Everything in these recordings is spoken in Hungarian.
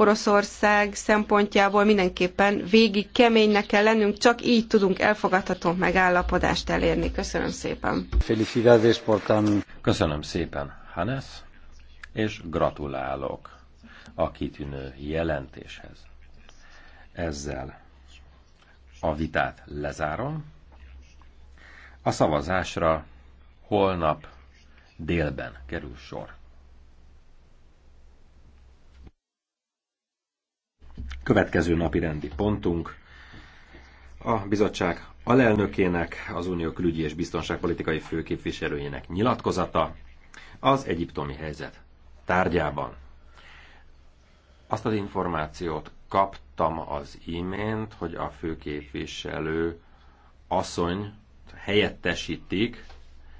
Oroszország szempontjából mindenképpen végig keménynek kell lennünk, csak így tudunk elfogadható megállapodást elérni. Köszönöm szépen. Köszönöm szépen, Hannes, és gratulálok a kitűnő jelentéshez. Ezzel a vitát lezárom. A szavazásra holnap délben kerül sor. Következő napi rendi pontunk a bizottság alelnökének, az unió külügyi és biztonságpolitikai főképviselőjének nyilatkozata az egyiptomi helyzet tárgyában. Azt az információt kaptam az imént, hogy a főképviselő asszony helyettesítik,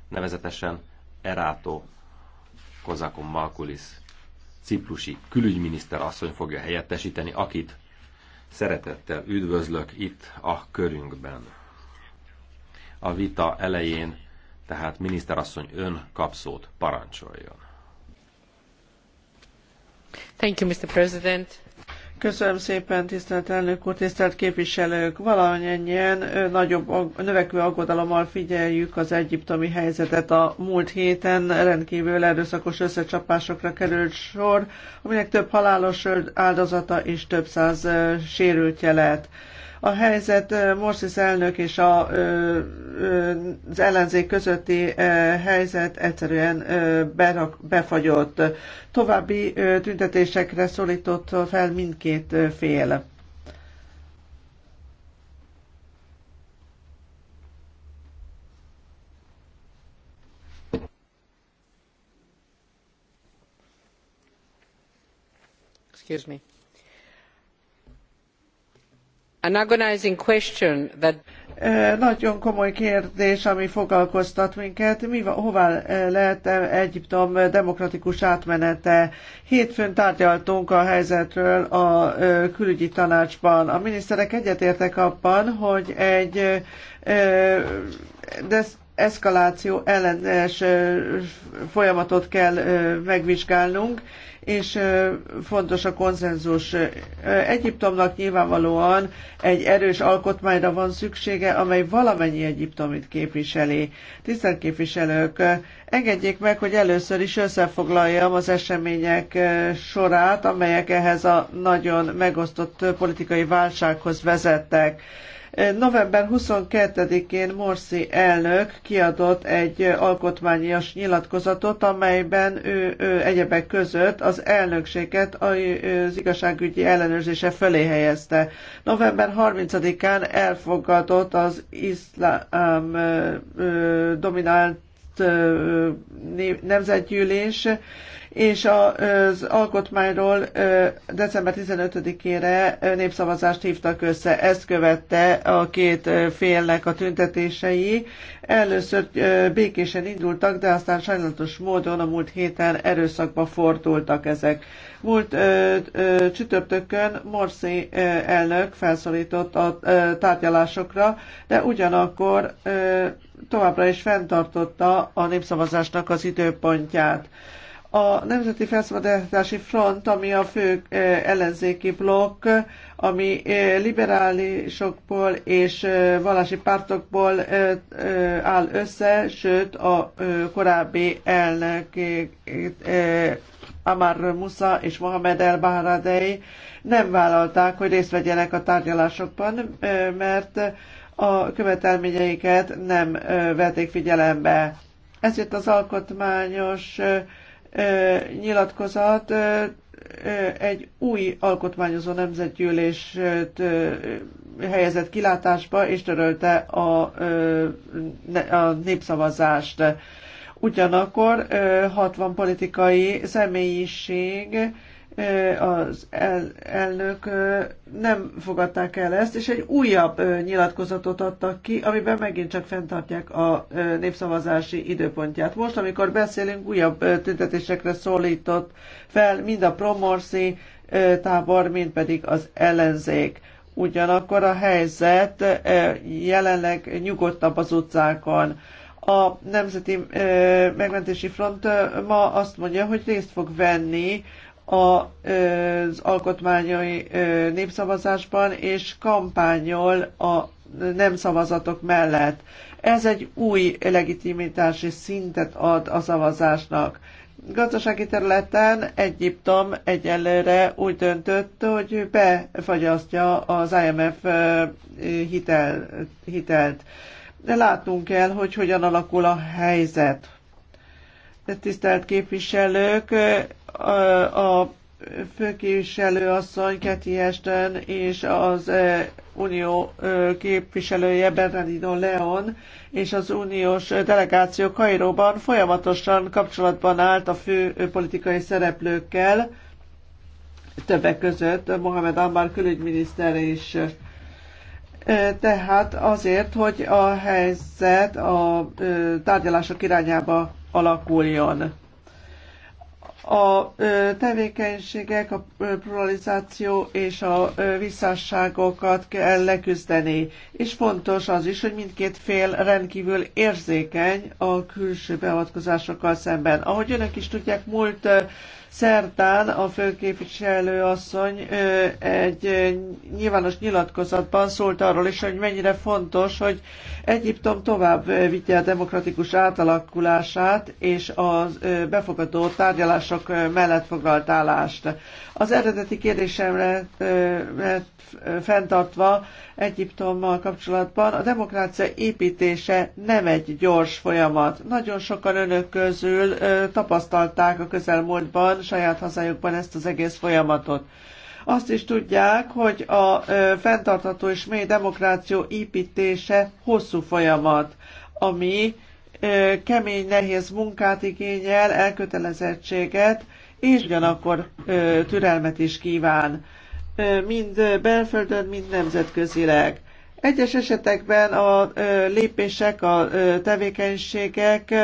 nevezetesen Erátó Kozakum Malkulis ciprusi külügyminiszter asszony fogja helyettesíteni, akit szeretettel üdvözlök itt a körünkben. A vita elején tehát miniszterasszony ön kapszót parancsoljon. Thank you, Mr. President. Köszönöm szépen, tisztelt elnök úr, tisztelt képviselők! Valamennyien nagyobb, növekvő aggodalommal figyeljük az egyiptomi helyzetet. A múlt héten rendkívül erőszakos összecsapásokra került sor, aminek több halálos áldozata és több száz sérültje lett. A helyzet Morsis elnök és a, az ellenzék közötti helyzet egyszerűen berak, befagyott. További tüntetésekre szólított fel mindkét fél. Excuse me. An agonizing question that nagyon komoly kérdés, ami foglalkoztat minket. Mi, hová lehet Egyiptom demokratikus átmenete? Hétfőn tárgyaltunk a helyzetről a külügyi tanácsban. A miniszterek egyetértek abban, hogy egy de eszkaláció ellenes folyamatot kell megvizsgálnunk, és fontos a konszenzus. Egyiptomnak nyilvánvalóan egy erős alkotmányra van szüksége, amely valamennyi egyiptomit képviseli. Tisztelt képviselők, engedjék meg, hogy először is összefoglaljam az események sorát, amelyek ehhez a nagyon megosztott politikai válsághoz vezettek. November 22-én Morsi elnök kiadott egy alkotmányos nyilatkozatot, amelyben ő, ő egyebek között az elnökséget az igazságügyi ellenőrzése fölé helyezte. November 30-án elfogadott az iszlám dominált nemzetgyűlés és az alkotmányról december 15-ére népszavazást hívtak össze. Ezt követte a két félnek a tüntetései. Először békésen indultak, de aztán sajnálatos módon a múlt héten erőszakba fordultak ezek. Múlt ö, ö, csütörtökön Morsi ö, elnök felszólított a ö, tárgyalásokra, de ugyanakkor ö, továbbra is fenntartotta a népszavazásnak az időpontját. Ö, a Nemzeti Felszabadítási Front, ami a fő eh, ellenzéki blokk, ami eh, liberálisokból és eh, vallási pártokból áll össze, sőt a korábbi elnök Amar Musa és Mohamed El Baharadei nem vállalták, hogy részt vegyenek a tárgyalásokban, mert a követelményeiket nem vették figyelembe. Ezért az alkotmányos nyilatkozat egy új alkotmányozó nemzetgyűlést helyezett kilátásba, és törölte a, a népszavazást. Ugyanakkor 60 politikai személyiség az el, elnök nem fogadták el ezt, és egy újabb nyilatkozatot adtak ki, amiben megint csak fenntartják a népszavazási időpontját. Most, amikor beszélünk, újabb tüntetésekre szólított fel mind a promorszi tábor, mind pedig az ellenzék. Ugyanakkor a helyzet jelenleg nyugodtabb az utcákon a Nemzeti Megmentési Front ma azt mondja, hogy részt fog venni az alkotmányai népszavazásban, és kampányol a nem szavazatok mellett. Ez egy új legitimitási szintet ad a szavazásnak. Gazdasági területen Egyiptom egyelőre úgy döntött, hogy befagyasztja az IMF hitelt. De látnunk kell, hogy hogyan alakul a helyzet tisztelt képviselők, a, főképviselő asszony Keti Esten és az e, unió e, képviselője Bernardino Leon és az uniós delegáció Kairóban folyamatosan kapcsolatban állt a fő politikai szereplőkkel, többek között Mohamed Ambar külügyminiszter és e, Tehát azért, hogy a helyzet a tárgyalások irányába alakuljon. A tevékenységek, a pluralizáció és a visszásságokat kell leküzdeni, és fontos az is, hogy mindkét fél rendkívül érzékeny a külső beavatkozásokkal szemben. Ahogy önök is tudják, múlt Szerdán a főképviselő asszony egy nyilvános nyilatkozatban szólt arról is, hogy mennyire fontos, hogy Egyiptom tovább vitte a demokratikus átalakulását és a befogadó tárgyalások mellett foglalt állást. Az eredeti kérdésemre fenntartva Egyiptommal kapcsolatban a demokrácia építése nem egy gyors folyamat. Nagyon sokan önök közül tapasztalták a közelmúltban, saját hazájukban ezt az egész folyamatot. Azt is tudják, hogy a fenntartható és mély demokráció építése hosszú folyamat, ami kemény, nehéz munkát igényel, elkötelezettséget, és ugyanakkor türelmet is kíván, mind belföldön, mind nemzetközileg. Egyes esetekben a lépések, a tevékenységek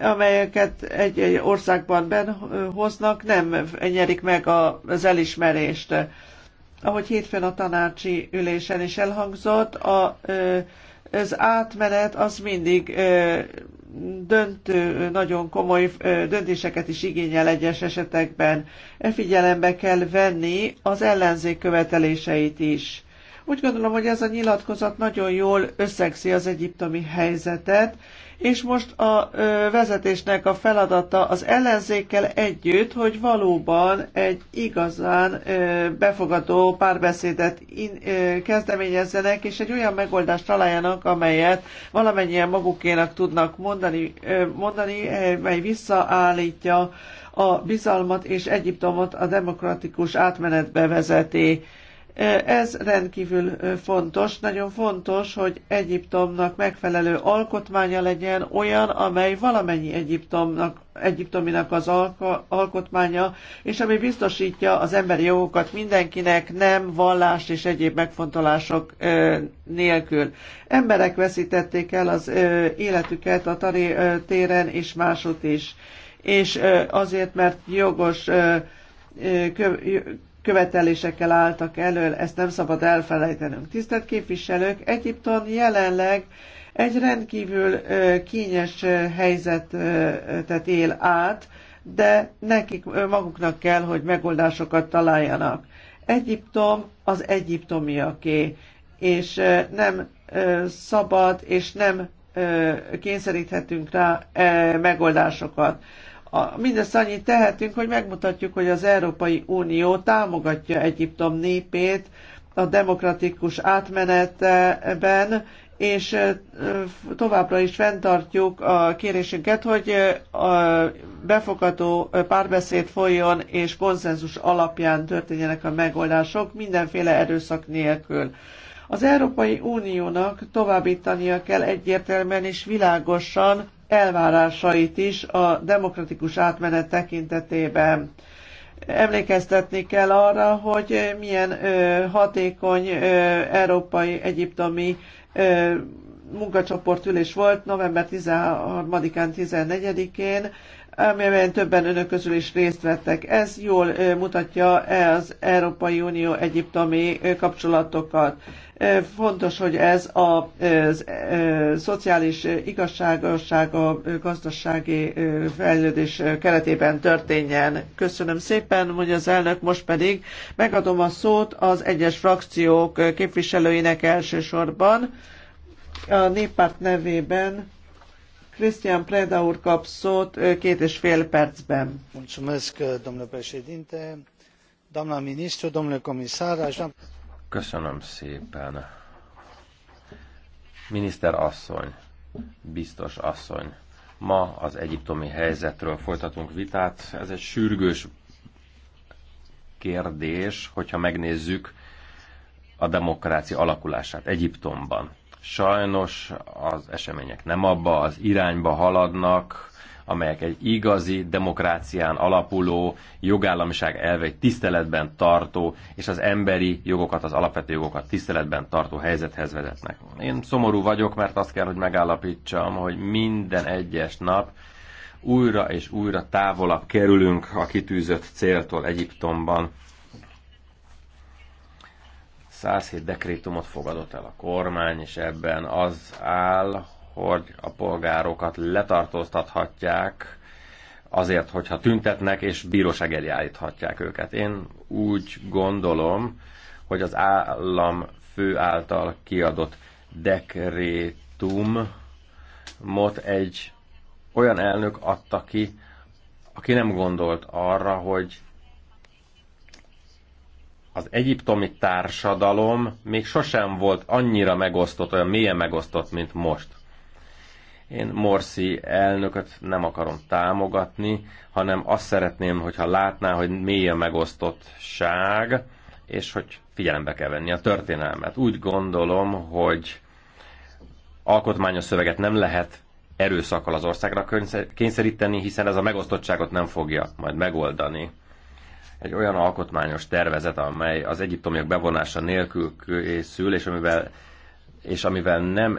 amelyeket egy, egy országban ben hoznak, nem nyerik meg az elismerést. Ahogy hétfőn a tanácsi ülésen is elhangzott, a, az átmenet az mindig döntő, nagyon komoly döntéseket is igényel egyes esetekben. E figyelembe kell venni az ellenzék követeléseit is. Úgy gondolom, hogy ez a nyilatkozat nagyon jól összegzi az egyiptomi helyzetet, és most a vezetésnek a feladata az ellenzékkel együtt, hogy valóban egy igazán befogadó párbeszédet in, kezdeményezzenek, és egy olyan megoldást találjanak, amelyet valamennyien magukénak tudnak mondani, mondani mely visszaállítja a bizalmat és Egyiptomot a demokratikus átmenetbe vezeti ez rendkívül fontos. Nagyon fontos, hogy Egyiptomnak megfelelő alkotmánya legyen olyan, amely valamennyi Egyiptomnak, egyiptominak az alkotmánya, és ami biztosítja az emberi jogokat mindenkinek, nem vallás és egyéb megfontolások ö, nélkül. Emberek veszítették el az ö, életüket a Tari ö, téren és másút is, és ö, azért, mert jogos ö, ö, követelésekkel álltak elő, ezt nem szabad elfelejtenünk. Tisztelt képviselők, Egyiptom jelenleg egy rendkívül kényes helyzetet él át, de nekik maguknak kell, hogy megoldásokat találjanak. Egyiptom az egyiptomiaké, és nem szabad, és nem kényszeríthetünk rá megoldásokat. A, mindezt annyit tehetünk, hogy megmutatjuk, hogy az Európai Unió támogatja Egyiptom népét a demokratikus átmenetben, és továbbra is fenntartjuk a kérésünket, hogy a befogadó párbeszéd folyjon, és konszenzus alapján történjenek a megoldások mindenféle erőszak nélkül. Az Európai Uniónak továbbítania kell egyértelműen és világosan elvárásait is a demokratikus átmenet tekintetében emlékeztetni kell arra, hogy milyen ö, hatékony ö, európai egyiptomi ö, munkacsoportülés volt november 13-án, 14-én, amelyben többen önök közül is részt vettek. Ez jól mutatja az Európai Unió egyiptomi kapcsolatokat. Fontos, hogy ez a, szociális igazságosság a gazdasági fejlődés keretében történjen. Köszönöm szépen, mondja az elnök, most pedig megadom a szót az egyes frakciók képviselőinek elsősorban. A néppárt nevében Cristian Preda úr kap szót két és fél percben. Köszönöm szépen. Miniszter asszony, biztos asszony, ma az egyiptomi helyzetről folytatunk vitát. Ez egy sürgős kérdés, hogyha megnézzük a demokrácia alakulását Egyiptomban Sajnos az események nem abba az irányba haladnak, amelyek egy igazi demokrácián alapuló, jogállamiság elveit tiszteletben tartó, és az emberi jogokat, az alapvető jogokat tiszteletben tartó helyzethez vezetnek. Én szomorú vagyok, mert azt kell, hogy megállapítsam, hogy minden egyes nap újra és újra távolabb kerülünk a kitűzött céltól Egyiptomban. 107 dekrétumot fogadott el a kormány, és ebben az áll, hogy a polgárokat letartóztathatják azért, hogyha tüntetnek, és bíróság elé állíthatják őket. Én úgy gondolom, hogy az állam fő által kiadott dekrétumot egy olyan elnök adta ki, aki nem gondolt arra, hogy az egyiptomi társadalom még sosem volt annyira megosztott, olyan mélyen megosztott, mint most. Én Morsi elnököt nem akarom támogatni, hanem azt szeretném, hogyha látná, hogy mély a megosztottság, és hogy figyelembe kell venni a történelmet. Úgy gondolom, hogy alkotmányos szöveget nem lehet erőszakkal az országra kényszeríteni, hiszen ez a megosztottságot nem fogja majd megoldani egy olyan alkotmányos tervezet, amely az egyiptomiak bevonása nélkül készül, és amivel, és amivel nem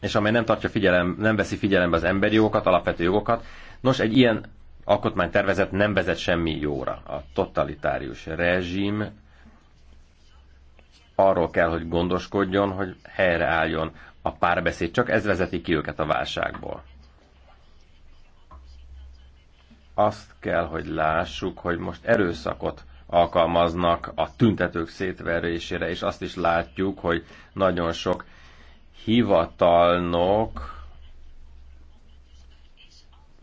és amely nem tartja figyelem, nem veszi figyelembe az emberi jogokat, alapvető jogokat. Nos, egy ilyen alkotmánytervezet nem vezet semmi jóra. A totalitárius rezsim arról kell, hogy gondoskodjon, hogy helyreálljon a párbeszéd, csak ez vezeti ki őket a válságból. azt kell, hogy lássuk, hogy most erőszakot alkalmaznak a tüntetők szétverésére, és azt is látjuk, hogy nagyon sok hivatalnok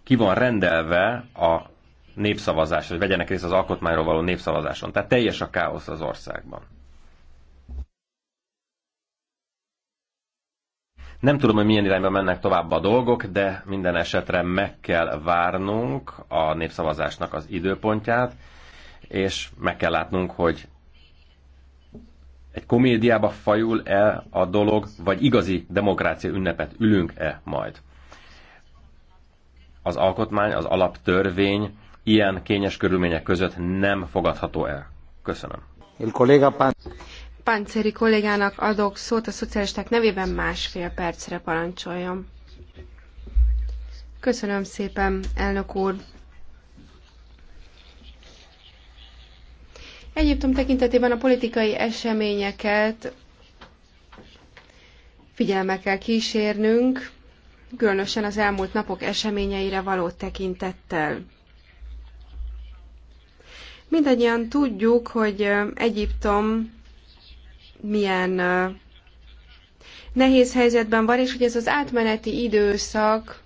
ki van rendelve a népszavazás, hogy vegyenek részt az alkotmányról való népszavazáson. Tehát teljes a káosz az országban. Nem tudom, hogy milyen irányba mennek tovább a dolgok, de minden esetre meg kell várnunk a népszavazásnak az időpontját, és meg kell látnunk, hogy egy komédiába fajul-e a dolog, vagy igazi demokrácia ünnepet ülünk-e majd. Az alkotmány, az alaptörvény ilyen kényes körülmények között nem fogadható el. Köszönöm. El Pán... Pancéri kollégának adok szót a szocialisták nevében másfél percre parancsoljon. Köszönöm szépen, elnök úr. Egyiptom tekintetében a politikai eseményeket figyelme kell kísérnünk, különösen az elmúlt napok eseményeire való tekintettel. Mindannyian tudjuk, hogy Egyiptom milyen nehéz helyzetben van, és hogy ez az átmeneti időszak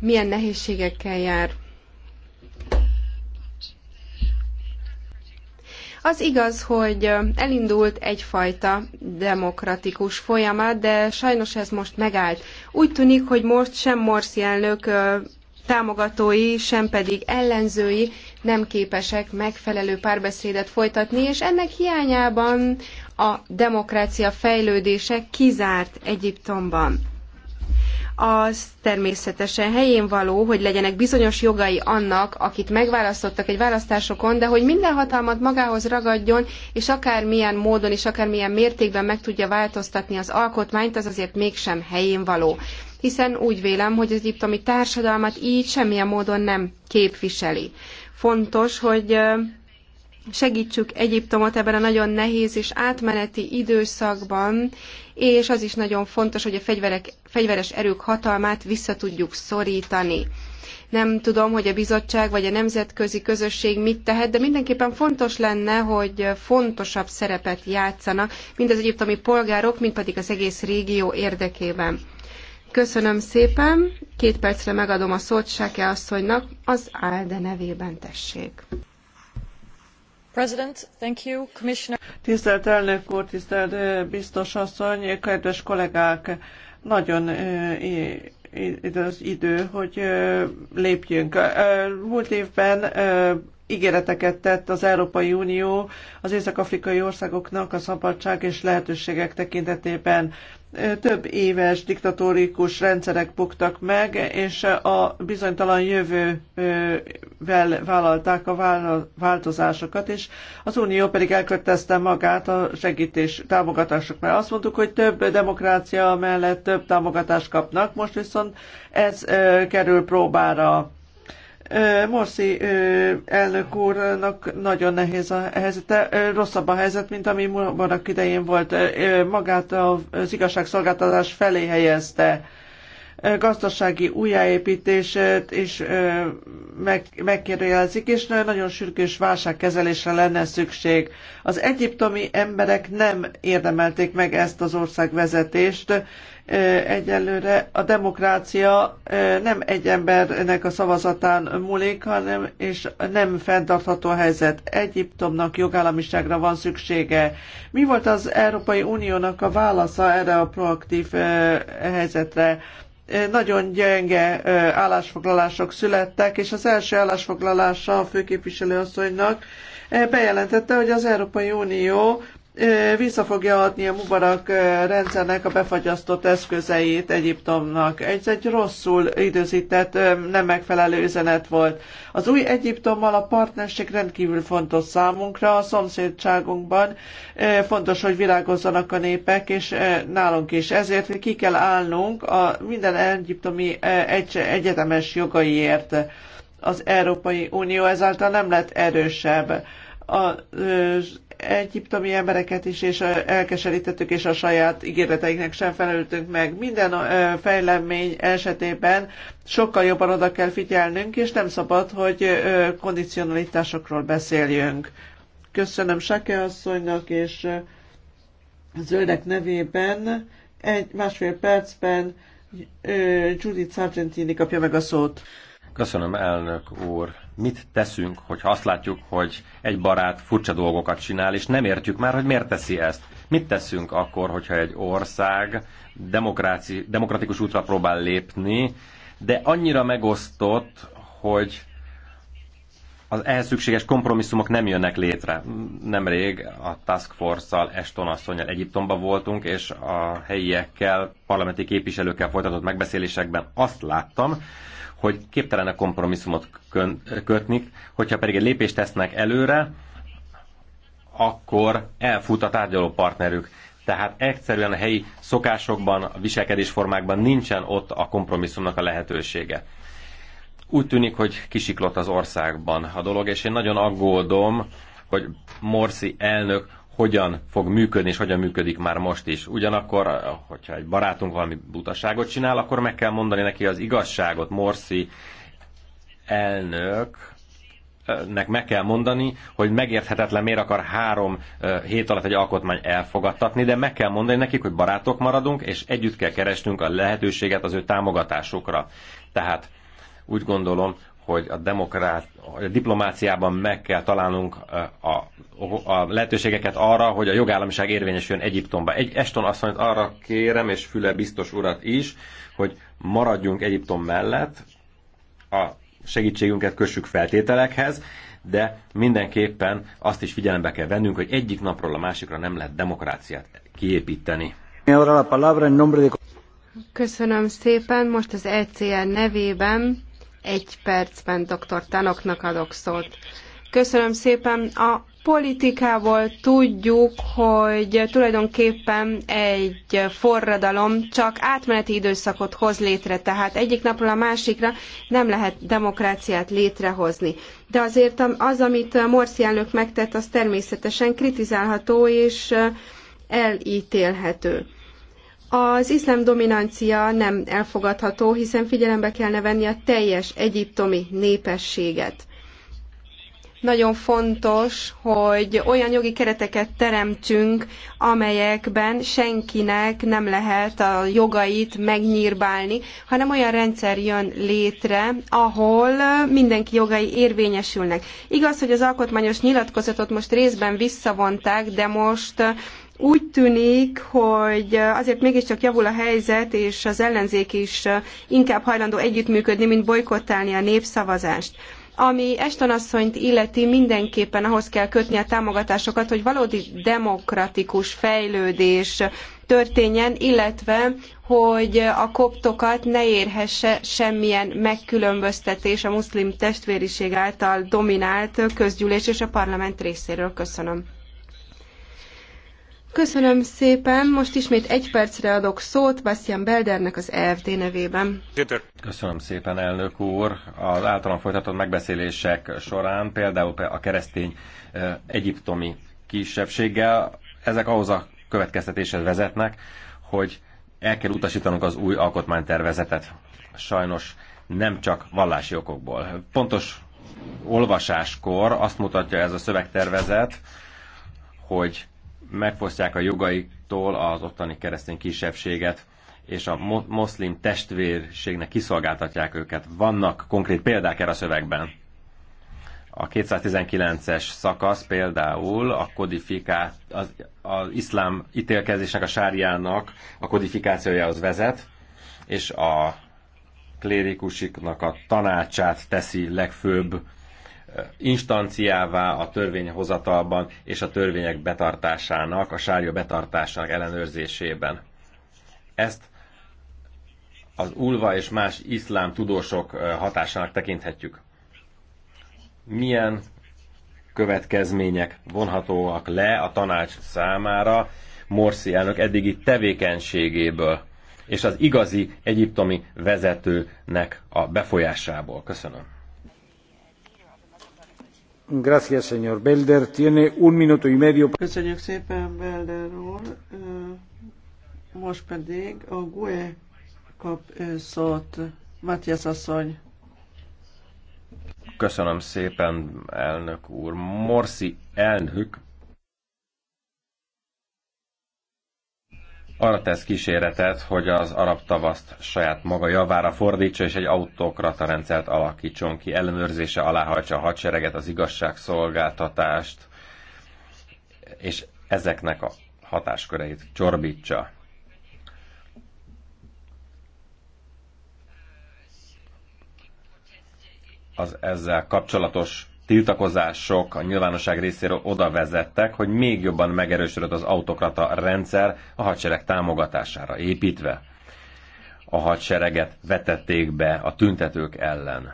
milyen nehézségekkel jár. Az igaz, hogy elindult egyfajta demokratikus folyamat, de sajnos ez most megállt. Úgy tűnik, hogy most sem Morsi elnök támogatói, sem pedig ellenzői nem képesek megfelelő párbeszédet folytatni, és ennek hiányában a demokrácia fejlődése kizárt Egyiptomban. Az természetesen helyén való, hogy legyenek bizonyos jogai annak, akit megválasztottak egy választásokon, de hogy minden hatalmat magához ragadjon, és akármilyen módon és akármilyen mértékben meg tudja változtatni az alkotmányt, az azért mégsem helyén való hiszen úgy vélem, hogy az egyiptomi társadalmat így semmilyen módon nem képviseli. Fontos, hogy segítsük Egyiptomot ebben a nagyon nehéz és átmeneti időszakban, és az is nagyon fontos, hogy a fegyverek, fegyveres erők hatalmát vissza tudjuk szorítani. Nem tudom, hogy a bizottság vagy a nemzetközi közösség mit tehet, de mindenképpen fontos lenne, hogy fontosabb szerepet játszanak, mind az egyiptomi polgárok, mind pedig az egész régió érdekében. Köszönöm szépen. Két percre megadom a szót Seke asszonynak, az ALDE nevében tessék. President, thank you, Commissioner. Tisztelt elnök úr, tisztelt biztos asszony, kedves kollégák! Nagyon az idő, hogy lépjünk. Múlt évben ígéreteket tett az Európai Unió az észak-afrikai országoknak a szabadság és lehetőségek tekintetében több éves diktatórikus rendszerek buktak meg, és a bizonytalan jövővel vállalták a változásokat, és az Unió pedig elkötelezte magát a segítés támogatások mert Azt mondtuk, hogy több demokrácia mellett több támogatást kapnak, most viszont ez kerül próbára Morsi elnök úrnak nagyon nehéz a helyzete, rosszabb a helyzet, mint ami Mubarak idején volt. Magát az igazságszolgáltatás felé helyezte gazdasági újjáépítését is meg, megkérdőjelezik, és nagyon sürgős válságkezelésre lenne szükség. Az egyiptomi emberek nem érdemelték meg ezt az ország vezetést. Egyelőre a demokrácia nem egy embernek a szavazatán múlik, hanem és nem fenntartható helyzet. Egyiptomnak jogállamiságra van szüksége. Mi volt az Európai Uniónak a válasza erre a proaktív helyzetre? Nagyon gyenge állásfoglalások születtek, és az első állásfoglalása a főképviselőasszonynak bejelentette, hogy az Európai Unió vissza fogja adni a Mubarak rendszernek a befagyasztott eszközeit Egyiptomnak. Ez egy rosszul időzített, nem megfelelő üzenet volt. Az új Egyiptommal a partnerség rendkívül fontos számunkra, a szomszédságunkban fontos, hogy virágozzanak a népek, és nálunk is. Ezért ki kell állnunk a minden egyiptomi egy, egyetemes jogaiért. Az Európai Unió ezáltal nem lett erősebb. A, egyiptomi embereket is, és elkeserítettük, és a saját ígéreteinknek sem felelültünk meg. Minden fejlemény esetében sokkal jobban oda kell figyelnünk, és nem szabad, hogy kondicionalitásokról beszéljünk. Köszönöm Sake asszonynak, és zöldek nevében egy másfél percben Judith Sargentini kapja meg a szót. Köszönöm, elnök úr. Mit teszünk, hogy azt látjuk, hogy egy barát furcsa dolgokat csinál, és nem értjük már, hogy miért teszi ezt? Mit teszünk akkor, hogyha egy ország demokratikus útra próbál lépni, de annyira megosztott, hogy az ehhez szükséges kompromisszumok nem jönnek létre. Nemrég a Task Force-szal, Eston asszonyjal Egyiptomba voltunk, és a helyiekkel, parlamenti képviselőkkel folytatott megbeszélésekben azt láttam, hogy képtelenek kompromisszumot kötni, hogyha pedig egy lépést tesznek előre, akkor elfut a tárgyaló partnerük. Tehát egyszerűen a helyi szokásokban, a viselkedésformákban nincsen ott a kompromisszumnak a lehetősége. Úgy tűnik, hogy kisiklott az országban a dolog, és én nagyon aggódom, hogy Morsi elnök hogyan fog működni, és hogyan működik már most is. Ugyanakkor, hogyha egy barátunk valami butaságot csinál, akkor meg kell mondani neki az igazságot. Morsi elnök nek meg kell mondani, hogy megérthetetlen miért akar három hét alatt egy alkotmány elfogadtatni, de meg kell mondani nekik, hogy barátok maradunk, és együtt kell keresnünk a lehetőséget az ő támogatásukra. Tehát úgy gondolom, hogy a demokrát hogy a diplomáciában meg kell találnunk eh, a, a lehetőségeket arra, hogy a jogállamiság érvényesüljön Egyiptomba. Egy Eston asszonyt arra kérem, és Füle biztos urat is, hogy maradjunk Egyiptom mellett, a segítségünket kössük feltételekhez, de mindenképpen azt is figyelembe kell vennünk, hogy egyik napról a másikra nem lehet demokráciát kiépíteni. Köszönöm szépen, most az ECR nevében egy percben dr. Tanoknak adok szót. Köszönöm szépen. A politikából tudjuk, hogy tulajdonképpen egy forradalom csak átmeneti időszakot hoz létre, tehát egyik napról a másikra nem lehet demokráciát létrehozni. De azért az, amit Morsi elnök megtett, az természetesen kritizálható és elítélhető. Az iszlám dominancia nem elfogadható, hiszen figyelembe kellene venni a teljes egyiptomi népességet. Nagyon fontos, hogy olyan jogi kereteket teremtsünk, amelyekben senkinek nem lehet a jogait megnyírbálni, hanem olyan rendszer jön létre, ahol mindenki jogai érvényesülnek. Igaz, hogy az alkotmányos nyilatkozatot most részben visszavonták, de most úgy tűnik, hogy azért mégiscsak javul a helyzet, és az ellenzék is inkább hajlandó együttműködni, mint bolykottálni a népszavazást. Ami Eston asszonyt illeti, mindenképpen ahhoz kell kötni a támogatásokat, hogy valódi demokratikus fejlődés történjen, illetve hogy a koptokat ne érhesse semmilyen megkülönböztetés a muszlim testvériség által dominált közgyűlés és a parlament részéről. Köszönöm. Köszönöm szépen, most ismét egy percre adok szót Bastian Beldernek az EFD nevében. Köszönöm szépen, elnök úr. Az általam folytatott megbeszélések során például a keresztény egyiptomi kisebbséggel ezek ahhoz a következtetéshez vezetnek, hogy el kell utasítanunk az új alkotmánytervezetet. Sajnos nem csak vallási okokból. Pontos olvasáskor azt mutatja ez a szövegtervezet, hogy megfosztják a jogaiktól az ottani keresztény kisebbséget, és a moszlim testvérségnek kiszolgáltatják őket. Vannak konkrét példák erre a szövegben. A 219-es szakasz például a kodifikát, az, az iszlám ítélkezésnek, a sárjának a kodifikációjához vezet, és a klérikusiknak a tanácsát teszi legfőbb instanciává a törvényhozatalban és a törvények betartásának, a sárja betartásának ellenőrzésében. Ezt az ulva és más iszlám tudósok hatásának tekinthetjük. Milyen következmények vonhatóak le a tanács számára Morsi elnök eddigi tevékenységéből és az igazi egyiptomi vezetőnek a befolyásából. Köszönöm. Gracias, szépen, Belder úr. Most pedig a GUE kap szót. Matthias asszony. Köszönöm szépen, elnök úr. Morsi elnök arra tesz kíséretet, hogy az arab tavaszt saját maga javára fordítsa, és egy autokrata rendszert alakítson ki, ellenőrzése aláhajtsa a hadsereget, az igazságszolgáltatást, és ezeknek a hatásköreit csorbítsa. Az ezzel kapcsolatos tiltakozások a nyilvánosság részéről oda vezettek, hogy még jobban megerősödött az autokrata rendszer a hadsereg támogatására építve. A hadsereget vetették be a tüntetők ellen.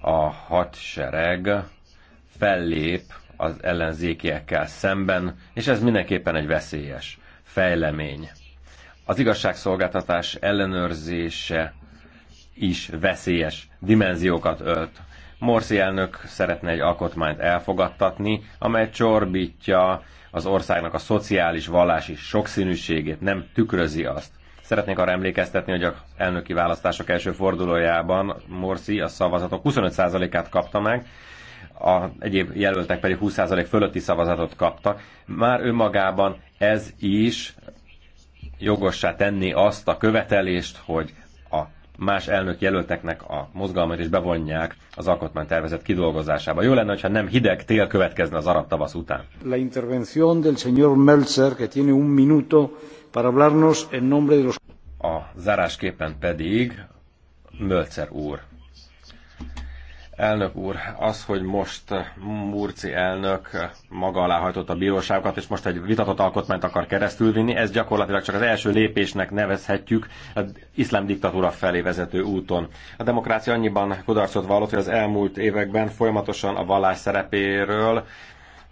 A hadsereg fellép az ellenzékiekkel szemben, és ez mindenképpen egy veszélyes fejlemény. Az igazságszolgáltatás ellenőrzése is veszélyes dimenziókat ölt. Morsi elnök szeretne egy alkotmányt elfogadtatni, amely csorbítja az országnak a szociális, vallási sokszínűségét, nem tükrözi azt. Szeretnék arra emlékeztetni, hogy az elnöki választások első fordulójában Morsi a szavazatok 25%-át kapta meg, a egyéb jelöltek pedig 20% fölötti szavazatot kaptak. Már önmagában ez is jogossá tenni azt a követelést, hogy más elnök jelölteknek a mozgalmat is bevonják az alkotmánytervezet kidolgozásába. Jó lenne, ha nem hideg tél következne az arab tavasz után. La intervención del señor Meltzer, que tiene un minuto para hablarnos en nombre de los... A zárásképpen pedig Mölzer úr Elnök úr, az, hogy most Murci elnök maga alá hajtott a bíróságokat, és most egy vitatott alkotmányt akar keresztülvinni, ez gyakorlatilag csak az első lépésnek nevezhetjük az iszlám diktatúra felé vezető úton. A demokrácia annyiban kudarcot vallott, hogy az elmúlt években folyamatosan a vallás szerepéről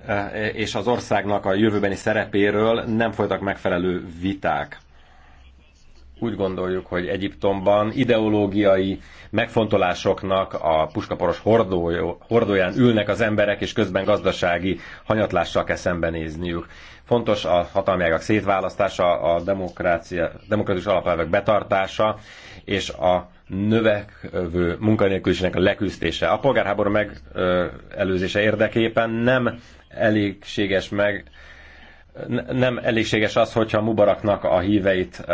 eh, és az országnak a jövőbeni szerepéről nem folytak megfelelő viták úgy gondoljuk, hogy Egyiptomban ideológiai megfontolásoknak a puskaporos hordójó, hordóján ülnek az emberek, és közben gazdasági hanyatlással kell szembenézniük. Fontos a hatalmiágak szétválasztása, a demokrácia, demokratikus alapelvek betartása, és a növekvő munkanélküliségnek a leküzdése. A polgárháború megelőzése érdekében nem elégséges meg nem elégséges az, hogyha Mubaraknak a híveit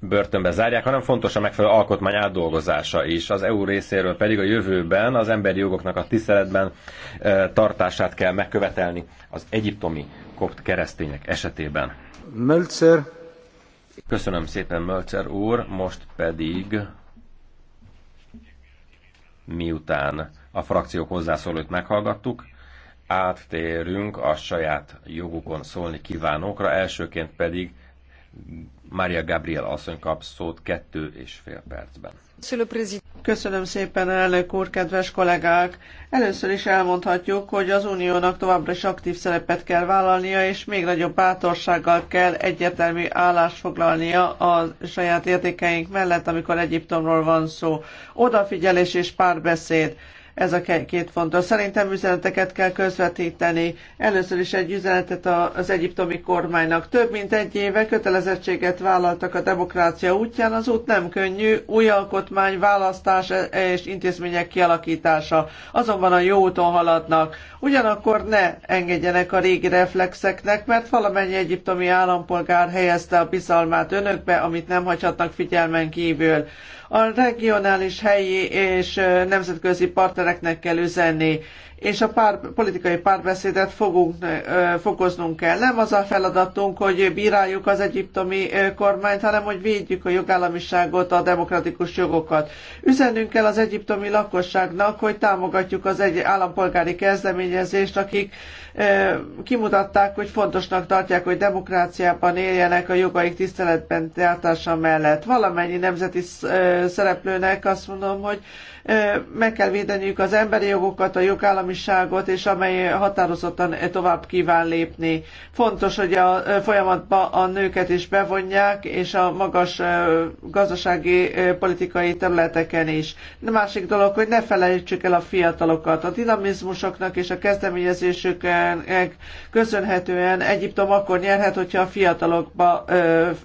börtönbe zárják, hanem fontos a megfelelő alkotmány átdolgozása is. Az EU részéről pedig a jövőben az emberi jogoknak a tiszteletben e, tartását kell megkövetelni az egyiptomi kopt keresztények esetében. Mölcer. Köszönöm szépen, Mölcer úr. Most pedig miután a frakciók hozzászólóit meghallgattuk, áttérünk a saját jogukon szólni kívánókra, elsőként pedig Mária Gabriel asszony kap szót kettő és fél percben. Köszönöm szépen, elnök úr, kedves kollégák! Először is elmondhatjuk, hogy az uniónak továbbra is aktív szerepet kell vállalnia, és még nagyobb bátorsággal kell egyetemi állást foglalnia a saját értékeink mellett, amikor Egyiptomról van szó. Odafigyelés és párbeszéd ez a két fontos. Szerintem üzeneteket kell közvetíteni. Először is egy üzenetet az egyiptomi kormánynak. Több mint egy éve kötelezettséget vállaltak a demokrácia útján. Az út nem könnyű. Új alkotmány, választás és intézmények kialakítása. Azonban a jó úton haladnak. Ugyanakkor ne engedjenek a régi reflexeknek, mert valamennyi egyiptomi állampolgár helyezte a bizalmát önökbe, amit nem hagyhatnak figyelmen kívül. A regionális, helyi és nemzetközi partnereknek kell üzenni, és a pár, politikai párbeszédet fogunk, fokoznunk kell. Nem az a feladatunk, hogy bíráljuk az egyiptomi kormányt, hanem hogy védjük a jogállamiságot, a demokratikus jogokat. Üzenünk kell az egyiptomi lakosságnak, hogy támogatjuk az egy állampolgári kezdeményezést, akik kimutatták, hogy fontosnak tartják, hogy demokráciában éljenek a jogaik tiszteletben tartása mellett. Valamennyi nemzeti szereplőnek azt mondom, hogy meg kell védeniük az emberi jogokat, a jogállamiságot, és amely határozottan tovább kíván lépni. Fontos, hogy a folyamatba a nőket is bevonják, és a magas gazdasági politikai területeken is. De másik dolog, hogy ne felejtsük el a fiatalokat. A dinamizmusoknak és a kezdeményezésük ennek eh, köszönhetően Egyiptom akkor nyerhet, hogyha a fiatalokba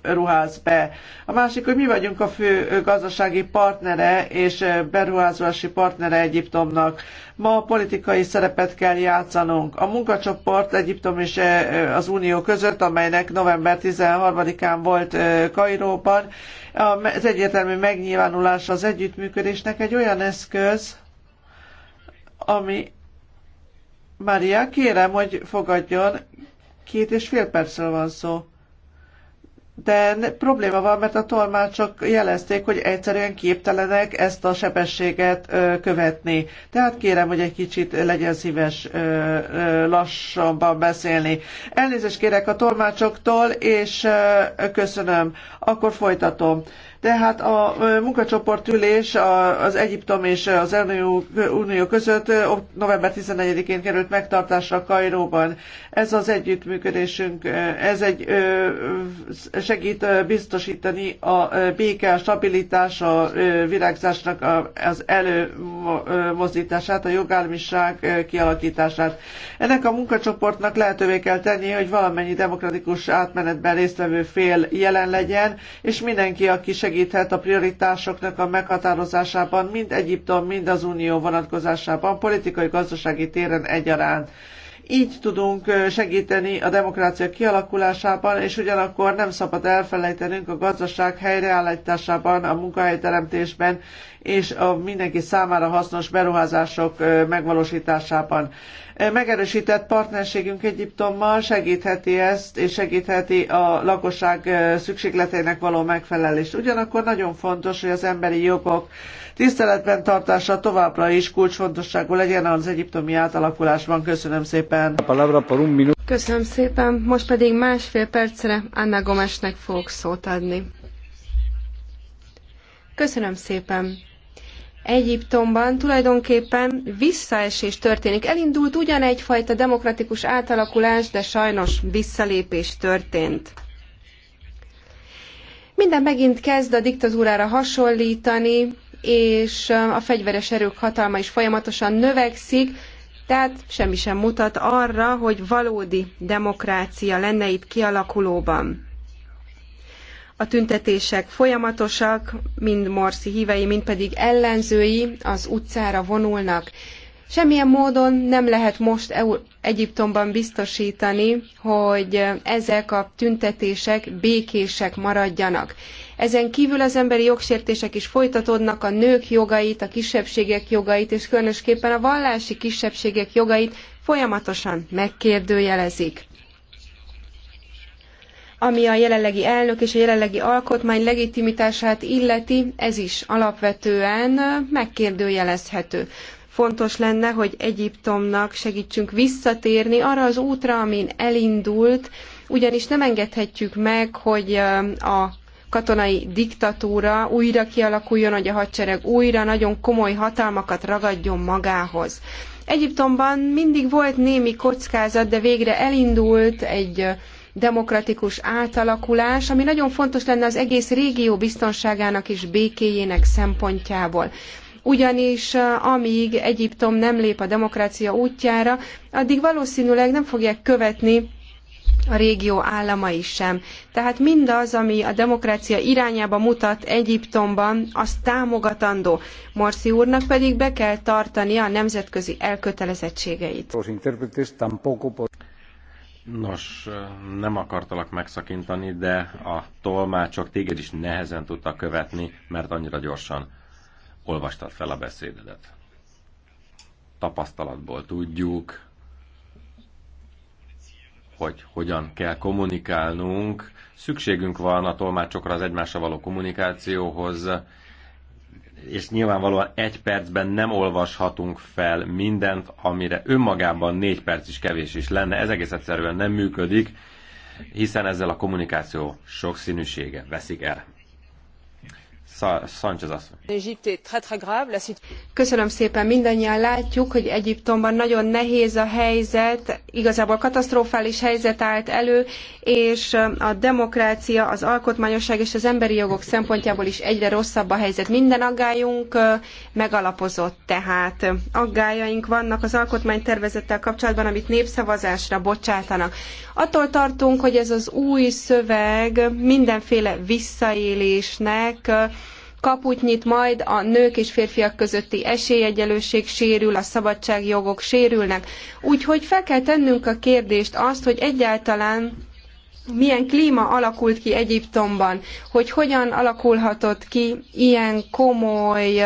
ruház be. A másik, hogy mi vagyunk a fő gazdasági partnere és beruházási partnere Egyiptomnak. Ma politikai szerepet kell játszanunk. A munkacsoport Egyiptom és az Unió között, amelynek november 13-án volt Kairóban, az egyértelmű megnyilvánulás az együttműködésnek egy olyan eszköz, ami Maria, kérem, hogy fogadjon. Két és fél percről van szó. De probléma van, mert a tolmácsok jelezték, hogy egyszerűen képtelenek ezt a sebességet ö, követni. Tehát kérem, hogy egy kicsit legyen szíves ö, ö, lassabban beszélni. Elnézést kérek a tolmácsoktól, és ö, köszönöm. Akkor folytatom. Tehát a munkacsoport ülés az Egyiptom és az Unió között november 14-én került megtartásra Kairóban. Ez az együttműködésünk, ez egy segít biztosítani a béke, a stabilitás, a virágzásnak az előmozdítását, a jogállamiság kialakítását. Ennek a munkacsoportnak lehetővé kell tenni, hogy valamennyi demokratikus átmenetben résztvevő fél jelen legyen, és mindenki, aki segít segíthet a prioritásoknak a meghatározásában, mind Egyiptom, mind az Unió vonatkozásában, politikai-gazdasági téren egyaránt. Így tudunk segíteni a demokrácia kialakulásában, és ugyanakkor nem szabad elfelejtenünk a gazdaság helyreállításában, a munkahelyteremtésben és a mindenki számára hasznos beruházások megvalósításában. Megerősített partnerségünk Egyiptommal segítheti ezt, és segítheti a lakosság szükségleteinek való megfelelést. Ugyanakkor nagyon fontos, hogy az emberi jogok tiszteletben tartása továbbra is kulcsfontosságú legyen az egyiptomi átalakulásban. Köszönöm szépen. Köszönöm szépen. Most pedig másfél percre Anna Gomesnek fogok szót adni. Köszönöm szépen. Egyiptomban tulajdonképpen visszaesés történik. Elindult ugyan egyfajta demokratikus átalakulás, de sajnos visszalépés történt. Minden megint kezd a diktatúrára hasonlítani, és a fegyveres erők hatalma is folyamatosan növekszik, tehát semmi sem mutat arra, hogy valódi demokrácia lenne itt kialakulóban. A tüntetések folyamatosak, mind Morsi hívei, mind pedig ellenzői az utcára vonulnak. Semmilyen módon nem lehet most Egyiptomban biztosítani, hogy ezek a tüntetések békések maradjanak. Ezen kívül az emberi jogsértések is folytatódnak, a nők jogait, a kisebbségek jogait, és különösképpen a vallási kisebbségek jogait folyamatosan megkérdőjelezik. Ami a jelenlegi elnök és a jelenlegi alkotmány legitimitását illeti, ez is alapvetően megkérdőjelezhető. Fontos lenne, hogy Egyiptomnak segítsünk visszatérni arra az útra, amin elindult, ugyanis nem engedhetjük meg, hogy a katonai diktatúra újra kialakuljon, hogy a hadsereg újra nagyon komoly hatalmakat ragadjon magához. Egyiptomban mindig volt némi kockázat, de végre elindult egy demokratikus átalakulás, ami nagyon fontos lenne az egész régió biztonságának és békéjének szempontjából ugyanis eh, amíg Egyiptom nem lép a demokrácia útjára, addig valószínűleg nem fogják követni a régió államai sem. Tehát mindaz, ami a demokrácia irányába mutat Egyiptomban, az támogatandó. Morsi úrnak pedig be kell tartania a nemzetközi elkötelezettségeit. Nos, nem akartalak megszakintani, de a tolmácsok téged is nehezen tudta követni, mert annyira gyorsan olvastad fel a beszédedet. Tapasztalatból tudjuk, hogy hogyan kell kommunikálnunk. Szükségünk van a tolmácsokra az egymással való kommunikációhoz, és nyilvánvalóan egy percben nem olvashatunk fel mindent, amire önmagában négy perc is kevés is lenne. Ez egész egyszerűen nem működik, hiszen ezzel a kommunikáció sokszínűsége veszik el. Sánchez Köszönöm szépen, mindannyian látjuk, hogy Egyiptomban nagyon nehéz a helyzet, igazából katasztrofális helyzet állt elő, és a demokrácia, az alkotmányosság és az emberi jogok szempontjából is egyre rosszabb a helyzet. Minden aggályunk megalapozott tehát. Aggályaink vannak az alkotmánytervezettel kapcsolatban, amit népszavazásra bocsátanak. Attól tartunk, hogy ez az új szöveg mindenféle visszaélésnek, kaput nyit majd, a nők és férfiak közötti esélyegyenlőség sérül, a szabadságjogok sérülnek. Úgyhogy fel kell tennünk a kérdést azt, hogy egyáltalán milyen klíma alakult ki Egyiptomban, hogy hogyan alakulhatott ki ilyen komoly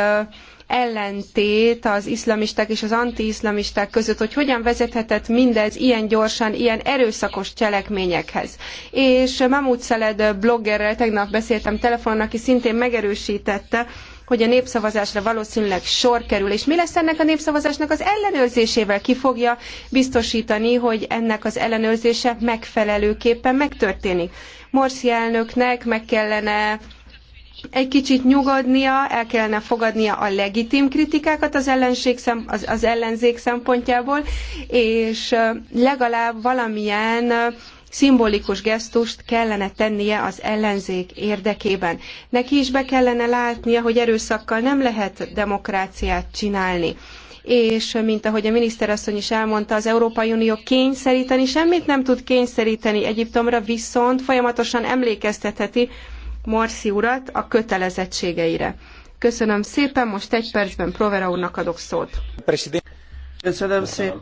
ellentét az iszlamisták és az antiiszlamisták között, hogy hogyan vezethetett mindez ilyen gyorsan, ilyen erőszakos cselekményekhez. És Mamut Szeled bloggerrel tegnap beszéltem telefonon, aki szintén megerősítette, hogy a népszavazásra valószínűleg sor kerül, és mi lesz ennek a népszavazásnak az ellenőrzésével? Ki fogja biztosítani, hogy ennek az ellenőrzése megfelelőképpen megtörténik? Morsi elnöknek meg kellene egy kicsit nyugodnia, el kellene fogadnia a legitim kritikákat az, ellenség szem, az, az ellenzék szempontjából, és legalább valamilyen szimbolikus gesztust kellene tennie az ellenzék érdekében. Neki is be kellene látnia, hogy erőszakkal nem lehet demokráciát csinálni és mint ahogy a miniszterasszony is elmondta, az Európai Unió kényszeríteni semmit nem tud kényszeríteni Egyiptomra, viszont folyamatosan emlékeztetheti Morsi urat a kötelezettségeire. Köszönöm szépen, most egy percben Provera úrnak adok szót. Köszönöm szépen.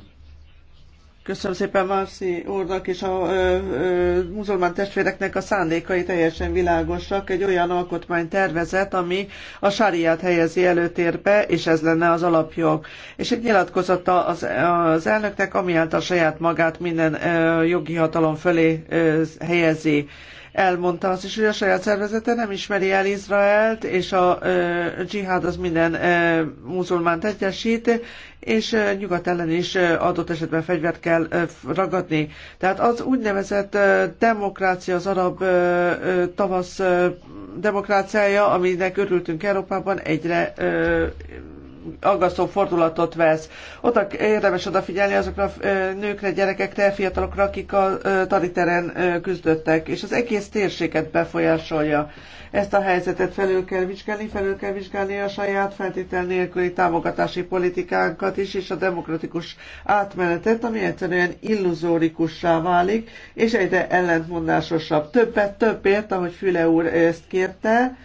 Köszönöm szépen Marci úrnak és a ö, ö, muzulmán testvéreknek a szándékai teljesen világosak. Egy olyan alkotmánytervezet, ami a sáriát helyezi előtérbe, és ez lenne az alapjog. És egy nyilatkozata az, az elnöknek, által saját magát minden ö, jogi hatalom fölé ö, helyezi elmondta azt is, hogy a saját szervezete nem ismeri el Izraelt, és a dzsihád az minden muzulmánt egyesít, és nyugat ellen is adott esetben fegyvert kell ragadni. Tehát az úgynevezett demokrácia, az arab tavasz demokráciája, aminek örültünk Európában, egyre aggasztó fordulatot vesz. Oda érdemes odafigyelni azokra a nőkre, gyerekekre, fiatalokra, akik a tariteren küzdöttek, és az egész térséget befolyásolja. Ezt a helyzetet felül kell vizsgálni, felül kell vizsgálni a saját feltétel nélküli támogatási politikánkat is, és a demokratikus átmenetet, ami egyszerűen illuzórikussá válik, és egyre ellentmondásosabb. Többet többért, ahogy Füle úr ezt kérte,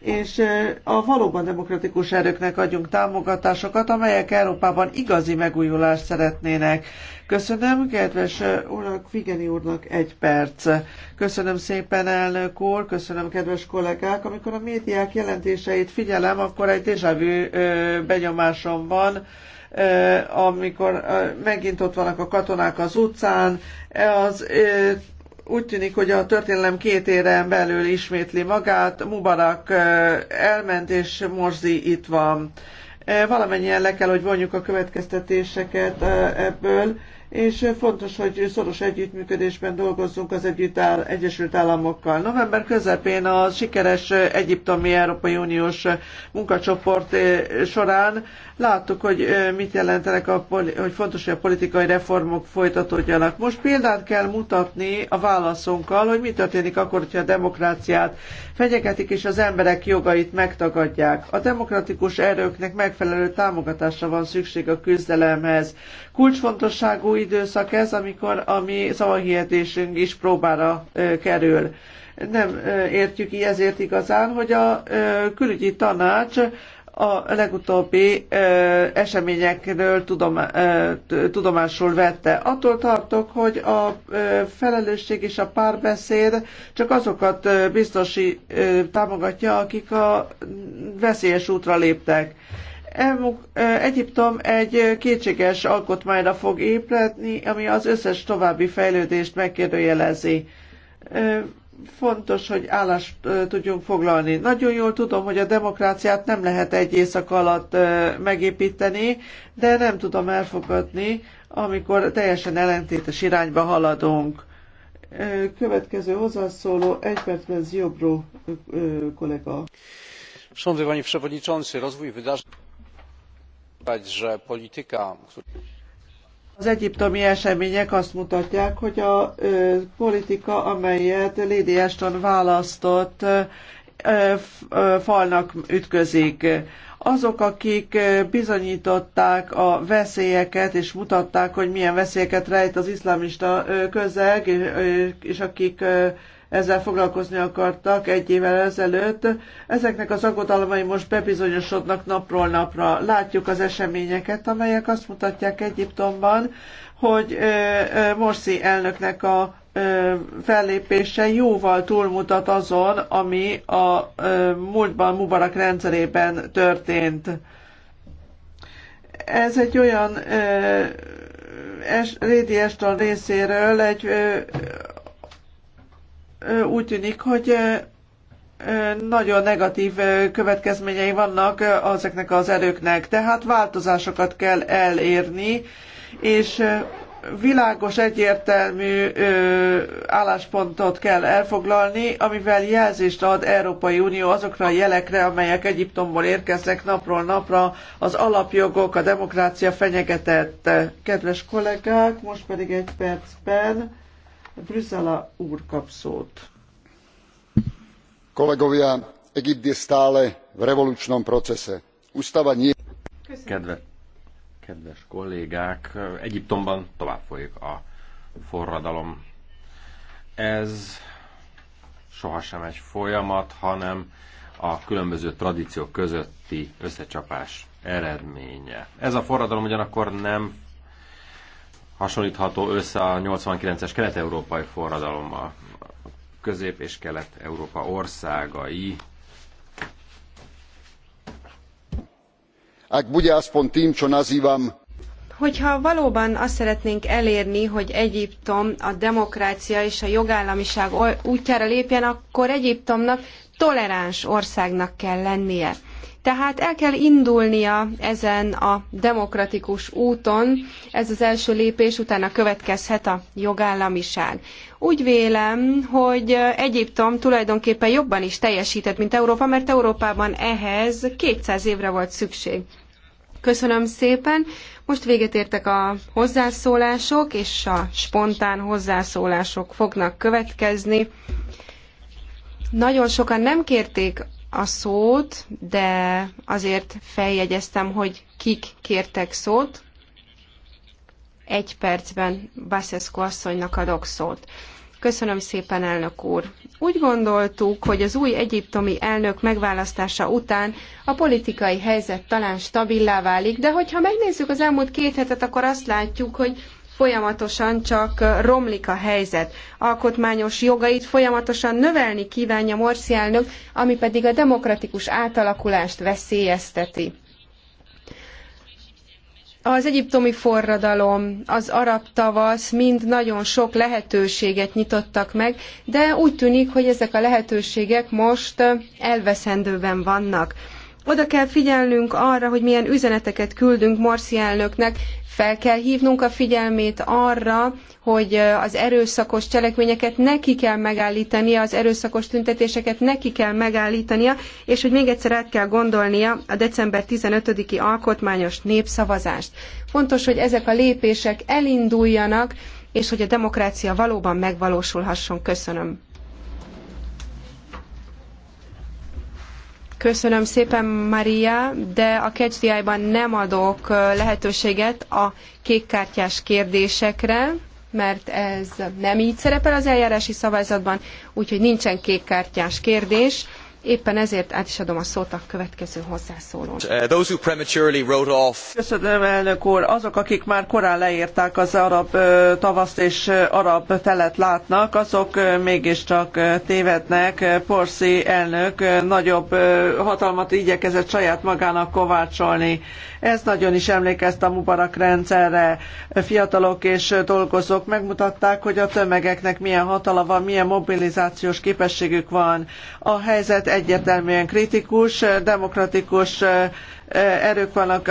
és a valóban demokratikus erőknek adjunk támogatásokat, amelyek Európában igazi megújulást szeretnének. Köszönöm, kedves urak, Figeni úrnak egy perc. Köszönöm szépen, elnök úr, köszönöm, kedves kollégák. Amikor a médiák jelentéseit figyelem, akkor egy déjavű benyomásom van, amikor megint ott vannak a katonák az utcán, az úgy tűnik, hogy a történelem két éren belül ismétli magát. Mubarak elment, és Morzi itt van. Valamennyien le kell, hogy vonjuk a következtetéseket ebből és fontos, hogy szoros együttműködésben dolgozzunk az Együtt Áll- Egyesült Államokkal. November közepén a sikeres Egyiptomi Európai Uniós munkacsoport eh, során láttuk, hogy eh, mit jelentenek, a hogy fontos, hogy a politikai reformok folytatódjanak. Most példát kell mutatni a válaszunkkal, hogy mi történik akkor, hogyha a demokráciát fenyegetik és az emberek jogait megtagadják. A demokratikus erőknek megfelelő támogatásra van szükség a küzdelemhez. Kulcsfontosságú időszak ez, amikor a mi szavahihetésünk is próbára kerül. Nem értjük így ezért igazán, hogy a külügyi tanács a legutóbbi ö, eseményekről tudom, ö, tudomásul vette. Attól tartok, hogy a ö, felelősség és a párbeszéd csak azokat ö, biztosi ö, támogatja, akik a veszélyes útra léptek. Egyiptom egy kétséges alkotmányra fog épületni, ami az összes további fejlődést megkérdőjelezi. Fontos, hogy állást tudjunk foglalni. Nagyon jól tudom, hogy a demokráciát nem lehet egy éjszak alatt megépíteni, de nem tudom elfogadni, amikor teljesen ellentétes irányba haladunk. Következő hozzászóló egy percben Ziobro kollega. Szanowny Panie Przewodniczący, rozwój wydarzeń... Az egyiptomi események azt mutatják, hogy a politika, amelyet Lady Ashton választott, falnak ütközik azok, akik eh, bizonyították a veszélyeket, és mutatták, hogy milyen veszélyeket rejt az iszlámista eh, közeg, és eh, akik ezzel foglalkozni akartak egy évvel ezelőtt. Ezeknek az aggodalmai most bebizonyosodnak napról napra. Látjuk az eseményeket, amelyek azt mutatják Egyiptomban, hogy Morsi elnöknek a fellépése jóval túlmutat azon, ami a múltban Mubarak rendszerében történt. Ez egy olyan Rédi Eston részéről egy úgy tűnik, hogy nagyon negatív következményei vannak ezeknek az erőknek. Tehát változásokat kell elérni, és világos, egyértelmű ö, álláspontot kell elfoglalni, amivel jelzést ad Európai Unió azokra a jelekre, amelyek Egyiptomból érkeznek napról napra, az alapjogok, a demokrácia fenyegetett. Kedves kollégák, most pedig egy percben Brüsszela úr kap szót. Kollégovia, Egyipti stále v revolučnom procese. Ustava nie... Köszönöm. Kedve. Kedves kollégák, Egyiptomban tovább folyik a forradalom. Ez sohasem egy folyamat, hanem a különböző tradíciók közötti összecsapás eredménye. Ez a forradalom ugyanakkor nem hasonlítható össze a 89-es kelet-európai forradalommal. közép- és kelet-európa országai hogyha valóban azt szeretnénk elérni, hogy Egyiptom a demokrácia és a jogállamiság útjára lépjen, akkor Egyiptomnak toleráns országnak kell lennie. Tehát el kell indulnia ezen a demokratikus úton, ez az első lépés, utána következhet a jogállamiság. Úgy vélem, hogy Egyiptom tulajdonképpen jobban is teljesített, mint Európa, mert Európában ehhez 200 évre volt szükség. Köszönöm szépen. Most véget értek a hozzászólások, és a spontán hozzászólások fognak következni. Nagyon sokan nem kérték a szót, de azért feljegyeztem, hogy kik kértek szót. Egy percben Baszeszko asszonynak adok szót. Köszönöm szépen, elnök úr. Úgy gondoltuk, hogy az új egyiptomi elnök megválasztása után a politikai helyzet talán stabilá válik, de hogyha megnézzük az elmúlt két hetet, akkor azt látjuk, hogy folyamatosan csak romlik a helyzet. Alkotmányos jogait folyamatosan növelni kívánja Morsi elnök, ami pedig a demokratikus átalakulást veszélyezteti. Az egyiptomi forradalom, az arab tavasz mind nagyon sok lehetőséget nyitottak meg, de úgy tűnik, hogy ezek a lehetőségek most elveszendőben vannak. Oda kell figyelnünk arra, hogy milyen üzeneteket küldünk Morsi elnöknek, fel kell hívnunk a figyelmét arra, hogy az erőszakos cselekményeket neki kell megállítania, az erőszakos tüntetéseket neki kell megállítania, és hogy még egyszer át kell gondolnia a december 15-i alkotmányos népszavazást. Fontos, hogy ezek a lépések elinduljanak, és hogy a demokrácia valóban megvalósulhasson. Köszönöm. Köszönöm szépen, Maria, de a KCDI-ban nem adok lehetőséget a kékkártyás kérdésekre, mert ez nem így szerepel az eljárási szabályzatban, úgyhogy nincsen kékkártyás kérdés. Éppen ezért át is adom a szót a következő hozzászólón. Uh, Köszönöm, elnök úr. Azok, akik már korán leírták az arab uh, tavaszt és uh, arab telet látnak, azok mégiscsak tévednek. Porszi elnök nagyobb hatalmat igyekezett saját magának kovácsolni. Ez nagyon is emlékezt a Mubarak rendszerre. Fiatalok és dolgozók megmutatták, hogy a tömegeknek milyen hatalma van, milyen mobilizációs képességük van. A helyzet egyértelműen kritikus, demokratikus erők vannak.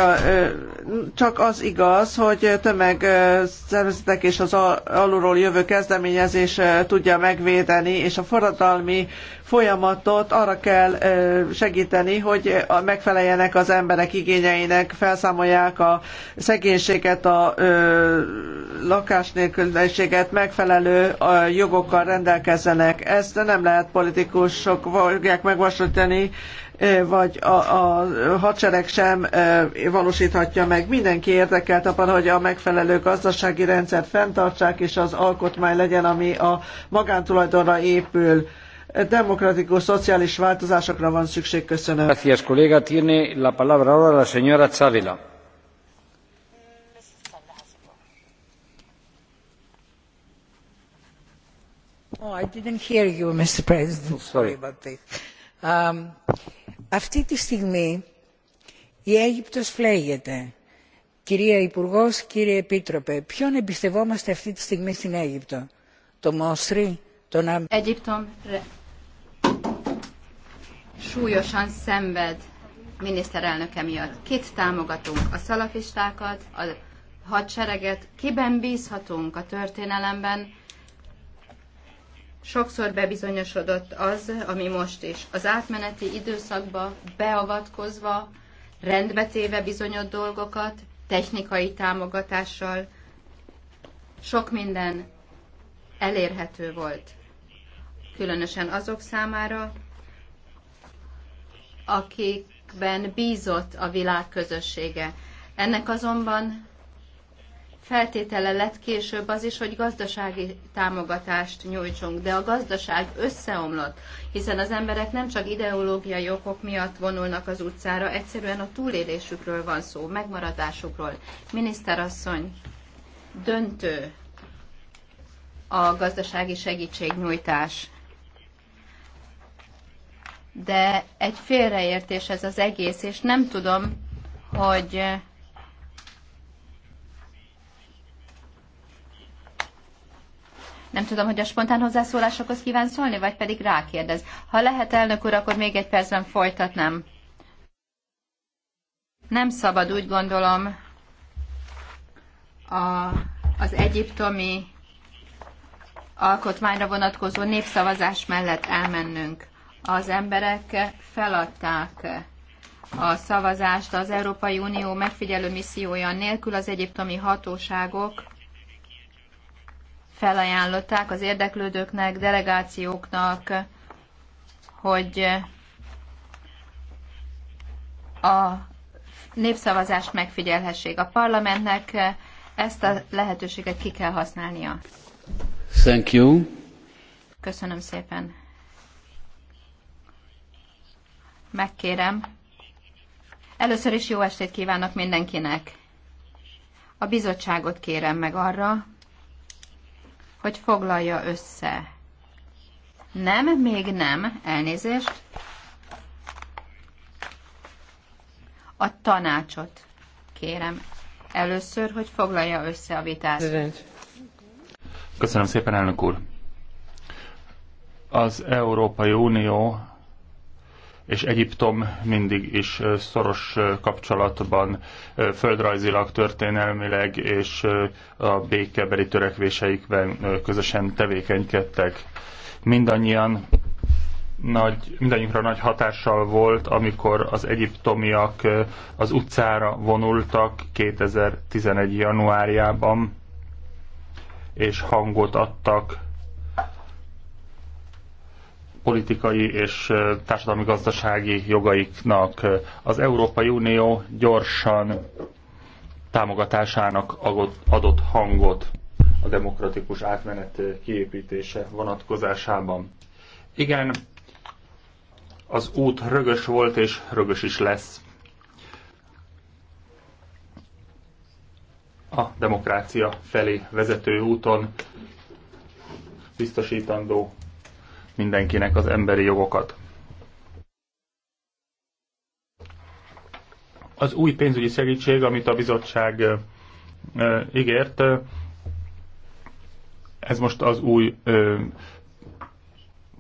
Csak az igaz, hogy tömegszervezetek és az alulról jövő kezdeményezés tudja megvédeni, és a forradalmi folyamatot arra kell segíteni, hogy megfeleljenek az emberek igényeinek, felszámolják a szegénységet, a lakásnélküliséget, megfelelő jogokkal rendelkezzenek. Ezt nem lehet politikusok fogják megvasítani, vagy a, a hadsereg sem valósíthatja meg. Mindenki érdekelt abban, hogy a megfelelő gazdasági rendszert fenntartsák, és az alkotmány legyen, ami a magántulajdonra épül. Demokratikus, szociális változásokra van szükség. Köszönöm. Gracias, kolléga. Tiene la palabra ahora la señora Csavila. Oh, I didn't hear you, Mr. President. Sorry about this. Um, Αυτή τη στιγμή η Αίγυπτος φλέγεται. Κυρία Υπουργό, κύριε Επίτροπε, ποιον εμπιστευόμαστε αυτή τη στιγμή στην Αίγυπτο. Το Μόστρι, τον Άμπ. Αίγυπτο súlyosan szenved miniszterelnöke miatt. Kit támogatunk? A szalafistákat, a hadsereget? Kiben bízhatunk a történelemben? sokszor bebizonyosodott az, ami most is. Az átmeneti időszakba beavatkozva, rendbetéve bizonyos dolgokat, technikai támogatással, sok minden elérhető volt. Különösen azok számára, akikben bízott a világ közössége. Ennek azonban feltétele lett később az is, hogy gazdasági támogatást nyújtsunk, de a gazdaság összeomlott, hiszen az emberek nem csak ideológiai okok miatt vonulnak az utcára, egyszerűen a túlélésükről van szó, megmaradásukról. Miniszterasszony, döntő a gazdasági segítségnyújtás. De egy félreértés ez az egész, és nem tudom, hogy Nem tudom, hogy a spontán hozzászólásokhoz kíván szólni, vagy pedig rákérdez. Ha lehet, elnök úr, akkor még egy percben folytatnám. Nem szabad, úgy gondolom, a, az egyiptomi alkotmányra vonatkozó népszavazás mellett elmennünk. Az emberek feladták a szavazást az Európai Unió megfigyelő missziója nélkül az egyiptomi hatóságok felajánlották az érdeklődőknek, delegációknak, hogy a népszavazást megfigyelhessék. A parlamentnek ezt a lehetőséget ki kell használnia. Thank you. Köszönöm szépen. Megkérem. Először is jó estét kívánok mindenkinek. A bizottságot kérem meg arra, hogy foglalja össze. Nem, még nem, elnézést. A tanácsot kérem először, hogy foglalja össze a vitát. Köszönöm szépen, elnök úr. Az Európai Unió és Egyiptom mindig is szoros kapcsolatban földrajzilag, történelmileg és a békebeli törekvéseikben közösen tevékenykedtek. Mindannyian nagy, mindannyiunkra nagy hatással volt, amikor az egyiptomiak az utcára vonultak 2011. januárjában, és hangot adtak politikai és társadalmi-gazdasági jogaiknak. Az Európai Unió gyorsan támogatásának adott hangot a demokratikus átmenet kiépítése vonatkozásában. Igen, az út rögös volt és rögös is lesz. A demokrácia felé vezető úton biztosítandó mindenkinek az emberi jogokat. Az új pénzügyi segítség, amit a bizottság ígért, ez most az új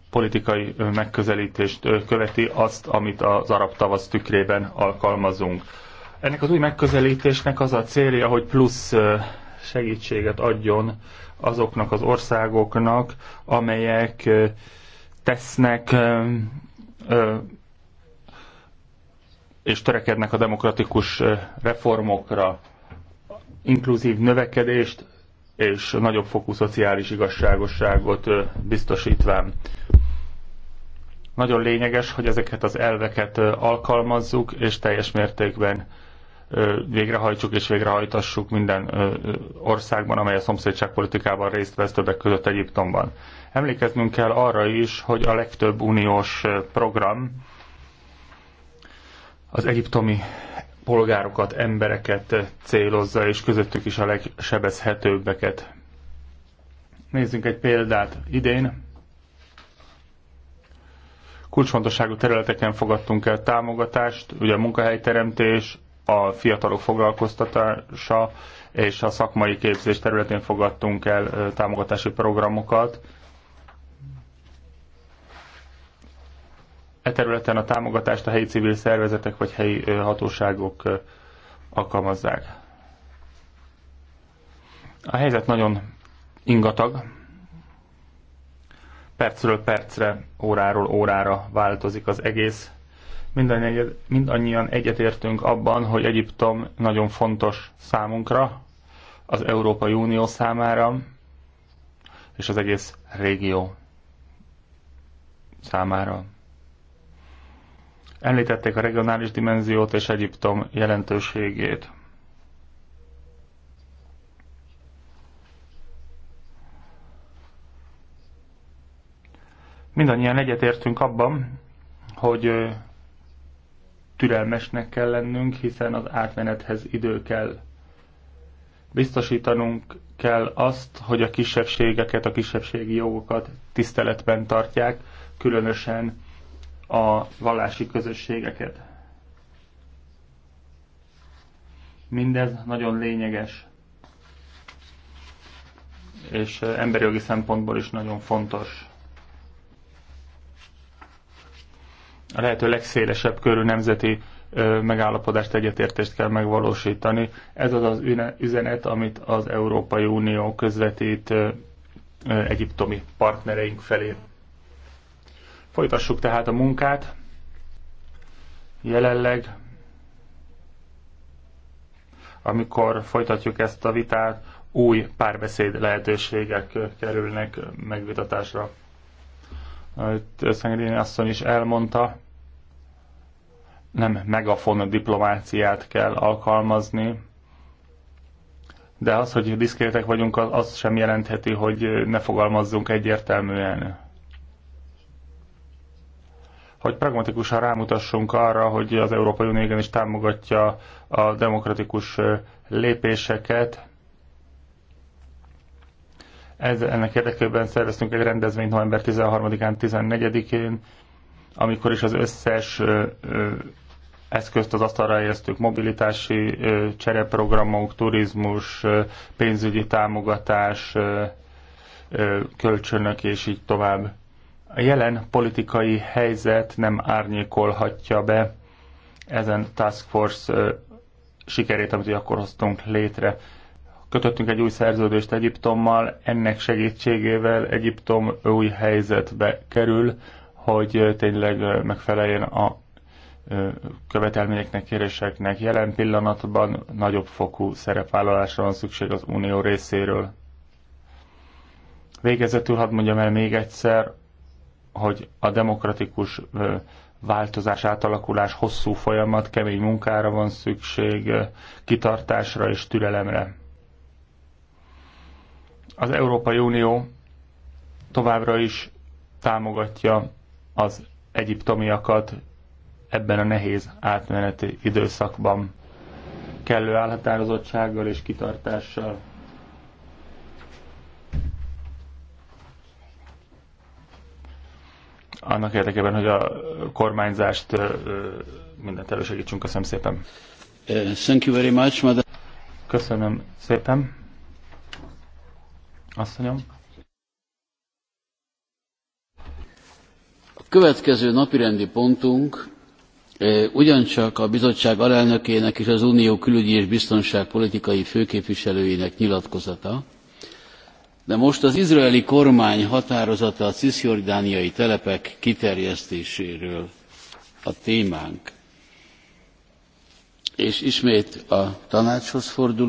politikai megközelítést követi azt, amit az arab tavasz tükrében alkalmazunk. Ennek az új megközelítésnek az a célja, hogy plusz segítséget adjon azoknak az országoknak, amelyek tesznek, és törekednek a demokratikus reformokra, inkluzív növekedést és nagyobb fokú szociális igazságosságot biztosítván. Nagyon lényeges, hogy ezeket az elveket alkalmazzuk, és teljes mértékben végrehajtsuk és végrehajtassuk minden országban, amely a szomszédságpolitikában részt vesz többek között Egyiptomban. Emlékeznünk kell arra is, hogy a legtöbb uniós program az egyiptomi polgárokat, embereket célozza, és közöttük is a legsebezhetőbbeket. Nézzünk egy példát. Idén kulcsfontosságú területeken fogadtunk el támogatást, ugye a munkahelyteremtés, a fiatalok foglalkoztatása és a szakmai képzés területén fogadtunk el támogatási programokat. E területen a támogatást a helyi civil szervezetek vagy helyi hatóságok alkalmazzák. A helyzet nagyon ingatag. Percről percre, óráról órára változik az egész mindannyian, egyetértünk abban, hogy Egyiptom nagyon fontos számunkra, az Európai Unió számára, és az egész régió számára. Említették a regionális dimenziót és Egyiptom jelentőségét. Mindannyian egyetértünk abban, hogy türelmesnek kell lennünk, hiszen az átmenethez idő kell. Biztosítanunk kell azt, hogy a kisebbségeket, a kisebbségi jogokat tiszteletben tartják, különösen a vallási közösségeket. Mindez nagyon lényeges, és emberi jogi szempontból is nagyon fontos. a lehető legszélesebb körű nemzeti megállapodást, egyetértést kell megvalósítani. Ez az az üzenet, amit az Európai Unió közvetít egyiptomi partnereink felé. Folytassuk tehát a munkát. Jelenleg, amikor folytatjuk ezt a vitát, új párbeszéd lehetőségek kerülnek megvitatásra ahogy asszony is elmondta, nem megafon diplomáciát kell alkalmazni, de az, hogy diszkrétek vagyunk, az sem jelentheti, hogy ne fogalmazzunk egyértelműen. Hogy pragmatikusan rámutassunk arra, hogy az Európai Unió igenis támogatja a demokratikus lépéseket, ez, ennek érdekében szerveztünk egy rendezvényt november 13-án, 14-én, amikor is az összes ö, ö, eszközt az asztalra helyeztük: mobilitási ö, csereprogramok, turizmus, ö, pénzügyi támogatás, ö, ö, kölcsönök és így tovább. A jelen politikai helyzet nem árnyékolhatja be ezen task force ö, sikerét, amit akkor hoztunk létre kötöttünk egy új szerződést Egyiptommal, ennek segítségével Egyiptom új helyzetbe kerül, hogy tényleg megfeleljen a követelményeknek, kéréseknek. Jelen pillanatban nagyobb fokú szerepvállalásra van szükség az Unió részéről. Végezetül hadd mondjam el még egyszer, hogy a demokratikus változás, átalakulás hosszú folyamat, kemény munkára van szükség, kitartásra és türelemre. Az Európai Unió továbbra is támogatja az egyiptomiakat ebben a nehéz átmeneti időszakban kellő állhatározottsággal és kitartással. Annak érdekében, hogy a kormányzást mindent elősegítsünk. Köszönöm szépen. Uh, thank you very much, madam. Köszönöm szépen. Asszonyom. A következő napirendi pontunk e, ugyancsak a bizottság alelnökének és az unió külügyi és biztonságpolitikai főképviselőjének nyilatkozata, de most az izraeli kormány határozata a ciszjordániai telepek kiterjesztéséről a témánk. És ismét a tanácshoz fordul.